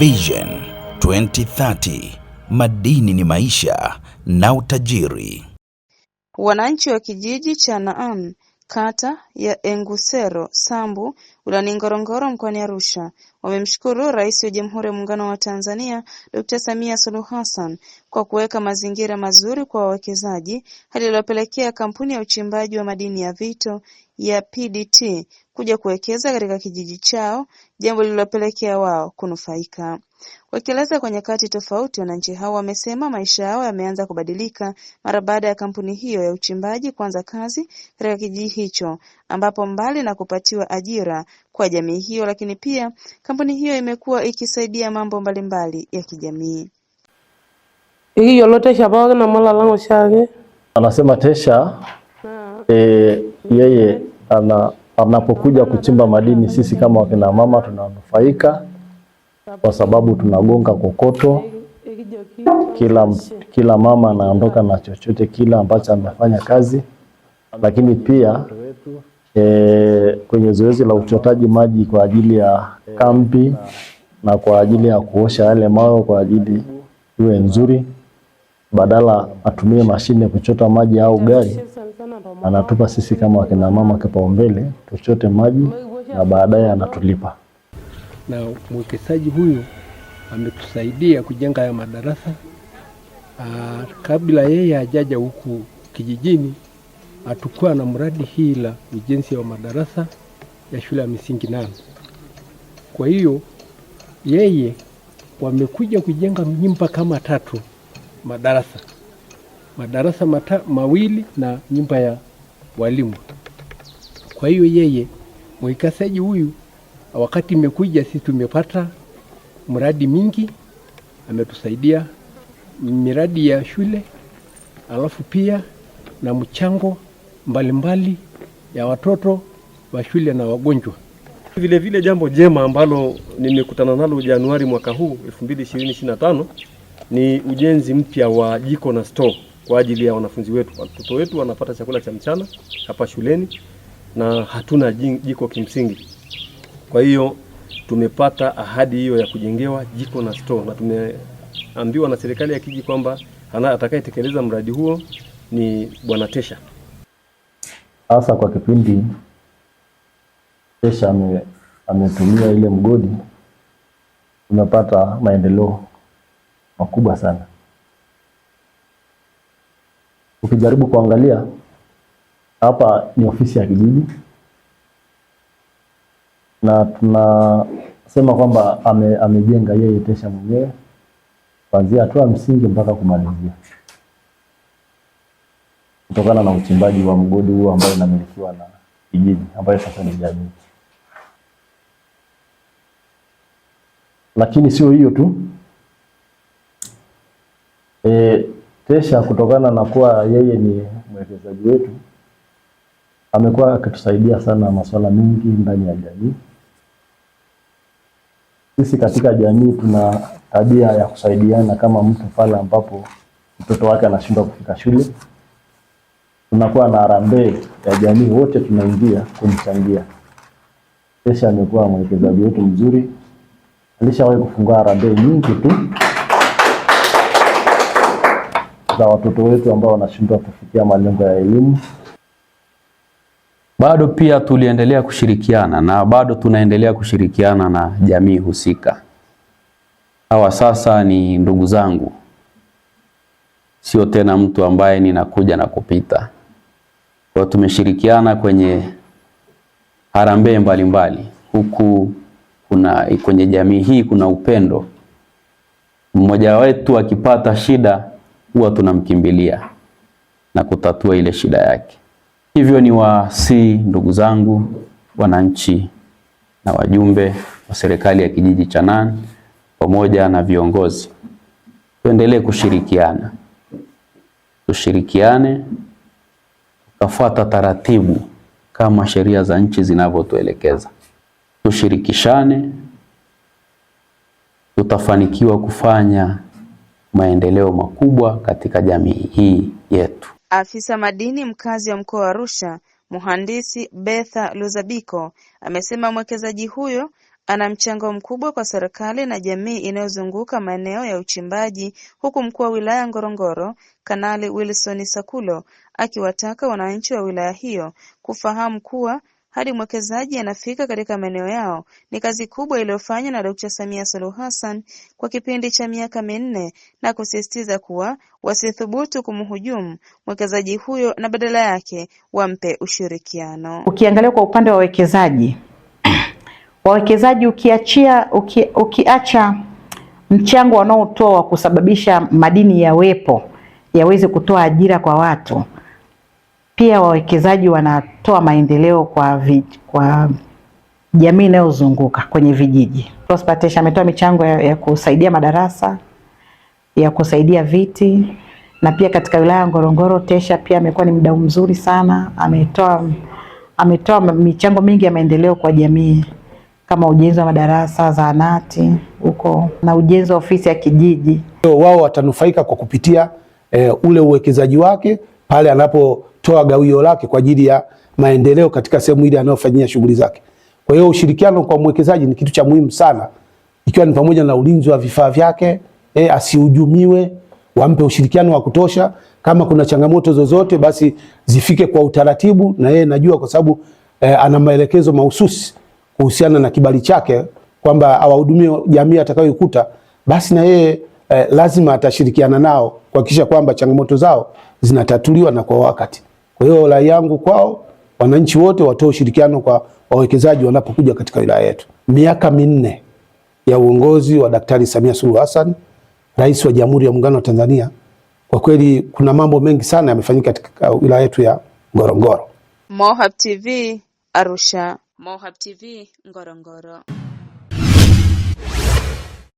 Vision 2030 madini ni maisha na utajiri. Wananchi wa kijiji cha Naam kata ya Engusero Sambu wilayani Ngorongoro mkoani Arusha wamemshukuru Rais wa Jamhuri ya Muungano wa Tanzania Dr. Samia Suluhu Hassan kwa kuweka mazingira mazuri kwa wawekezaji hali iliyopelekea kampuni ya uchimbaji wa madini ya vito ya PDT kuja kuwekeza katika kijiji chao jambo lililopelekea wao kunufaika. Wakieleza kwa nyakati tofauti, wananchi hao wamesema maisha yao yameanza kubadilika mara baada ya kampuni hiyo ya uchimbaji kuanza kazi katika kijiji hicho, ambapo mbali na kupatiwa ajira kwa jamii hiyo, lakini pia Kampuni hiyo imekuwa ikisaidia mambo mbalimbali ya kijamii. Ikiyiolo Tesha na mola olalang' oshiake. Anasema Tesha e, yeye ana, anapokuja kuchimba madini, sisi kama wakina mama tunanufaika kwa sababu tunagonga kokoto kila, kila mama anaondoka na chochote kila ambacho amefanya kazi, lakini pia e, kwenye zoezi la uchotaji maji kwa ajili ya kambi na kwa ajili ya kuosha yale mawe kwa ajili iwe nzuri, badala atumie mashine kuchota maji au gari, anatupa sisi kama wakina mama kipaumbele tuchote maji na baadaye anatulipa. Na mwekezaji huyu ametusaidia kujenga haya madarasa. Aa, ah, kabla yeye hajaja huku kijijini hatukuwa na mradi hii la ujenzi wa madarasa ya shule ya misingi nane. Kwa hiyo yeye wamekuja kujenga nyumba kama tatu madarasa madarasa mata, mawili na nyumba ya walimu. Kwa hiyo yeye mwikasaji huyu wakati imekuja, sisi tumepata mradi mingi, ametusaidia miradi ya shule, alafu pia na mchango mbalimbali ya watoto wa shule na wagonjwa. Vilevile vile jambo jema ambalo nimekutana nalo Januari mwaka huu 2025 ni ujenzi mpya wa jiko na store kwa ajili ya wanafunzi wetu. Watoto wetu wanapata chakula cha mchana hapa shuleni na hatuna jiko kimsingi. Kwa hiyo tumepata ahadi hiyo ya kujengewa jiko na store, na tumeambiwa na serikali ya kijiji kwamba atakayetekeleza mradi huo ni Bwana Tesha hasa kwa kipindi Tesha ame, ametumia ile mgodi, tumepata maendeleo makubwa sana. Ukijaribu kuangalia hapa ni ofisi ya kijiji, na tunasema kwamba ame, amejenga yeye Tesha mwenyewe kuanzia hatua msingi mpaka kumalizia kutokana na uchimbaji wa mgodi huo ambao unamilikiwa na kijiji ambayo sasa ni jamii. Lakini sio hiyo tu e, Tesha kutokana na kuwa yeye ni mwekezaji wetu amekuwa akitusaidia sana masuala mengi ndani ya jamii. Sisi katika jamii tuna tabia ya kusaidiana, kama mtu pale ambapo mtoto wake anashindwa kufika shule tunakuwa na harambee ya jamii, wote tunaingia kumchangia. kesha amekuwa mwekezaji wetu mzuri, alishawahi kufungua harambee nyingi tu za watoto wetu ambao wanashindwa kufikia malengo ya elimu. Bado pia tuliendelea kushirikiana na bado tunaendelea kushirikiana na jamii husika. Hawa sasa ni ndugu zangu, sio tena mtu ambaye ninakuja na kupita. Kwa tumeshirikiana kwenye harambee mbalimbali huku kuna, kwenye jamii hii kuna upendo. Mmoja wetu akipata shida huwa tunamkimbilia na kutatua ile shida yake. Hivyo ni wasi ndugu zangu wananchi na wajumbe wa serikali ya kijiji cha Naan pamoja na viongozi, tuendelee kushirikiana, tushirikiane Tutafuata taratibu kama sheria za nchi zinavyotuelekeza. Tushirikishane, tutafanikiwa kufanya maendeleo makubwa katika jamii hii yetu. Afisa madini mkazi wa mkoa wa Arusha, Mhandisi Betha Luzabiko amesema mwekezaji huyo ana mchango mkubwa kwa serikali na jamii inayozunguka maeneo ya uchimbaji huku Mkuu wa Wilaya Ngorongoro Kanali Wilson Sakulo akiwataka wananchi wa wilaya hiyo kufahamu kuwa hadi mwekezaji anafika katika maeneo yao ni kazi kubwa iliyofanywa na Dkt. Samia Suluhu Hassan kwa kipindi cha miaka minne na kusisitiza kuwa wasithubutu kumhujumu mwekezaji huyo na badala yake wampe ushirikiano. Ukiangalia kwa upande wa wawekezaji wawekezaji ukiachia uki, ukiacha mchango wanaotoa wa kusababisha madini yawepo yaweze kutoa ajira kwa watu, pia wawekezaji wanatoa maendeleo kwa, vi, kwa jamii inayozunguka kwenye vijiji. Prosper ametoa michango ya, ya kusaidia madarasa ya kusaidia viti na pia katika wilaya ya Ngorongoro Tesha pia amekuwa ni mdau mzuri sana, ametoa ametoa michango mingi ya maendeleo kwa jamii kama ujenzi wa madarasa, zahanati huko na ujenzi wa ofisi ya kijiji. Wao watanufaika kwa kupitia e, ule uwekezaji wake pale anapotoa gawio lake kwa ajili ya maendeleo katika sehemu ile anayofanyia shughuli zake. Kwa hiyo ushirikiano kwa mwekezaji ni kitu cha muhimu sana, ikiwa ni pamoja na ulinzi wa vifaa vyake e, asihujumiwe, wampe ushirikiano wa kutosha. Kama kuna changamoto zozote, basi zifike kwa utaratibu, na yeye najua kwa sababu e, ana maelekezo mahususi kuhusiana na kibali chake kwamba awahudumie jamii atakayoikuta, basi na yeye eh, lazima atashirikiana nao kuhakikisha kwamba changamoto zao zinatatuliwa na kwa wakati. Kwa hiyo rai yangu kwao, wananchi wote watoe ushirikiano kwa wawekezaji wanapokuja katika wilaya yetu. Miaka minne ya uongozi wa Daktari Samia Suluhu Hassan, Rais wa Jamhuri ya Muungano wa Tanzania, kwa kweli kuna mambo mengi sana yamefanyika katika wilaya yetu ya Ngorongoro. Mohab TV Arusha. Mohab Tv Ngorongoro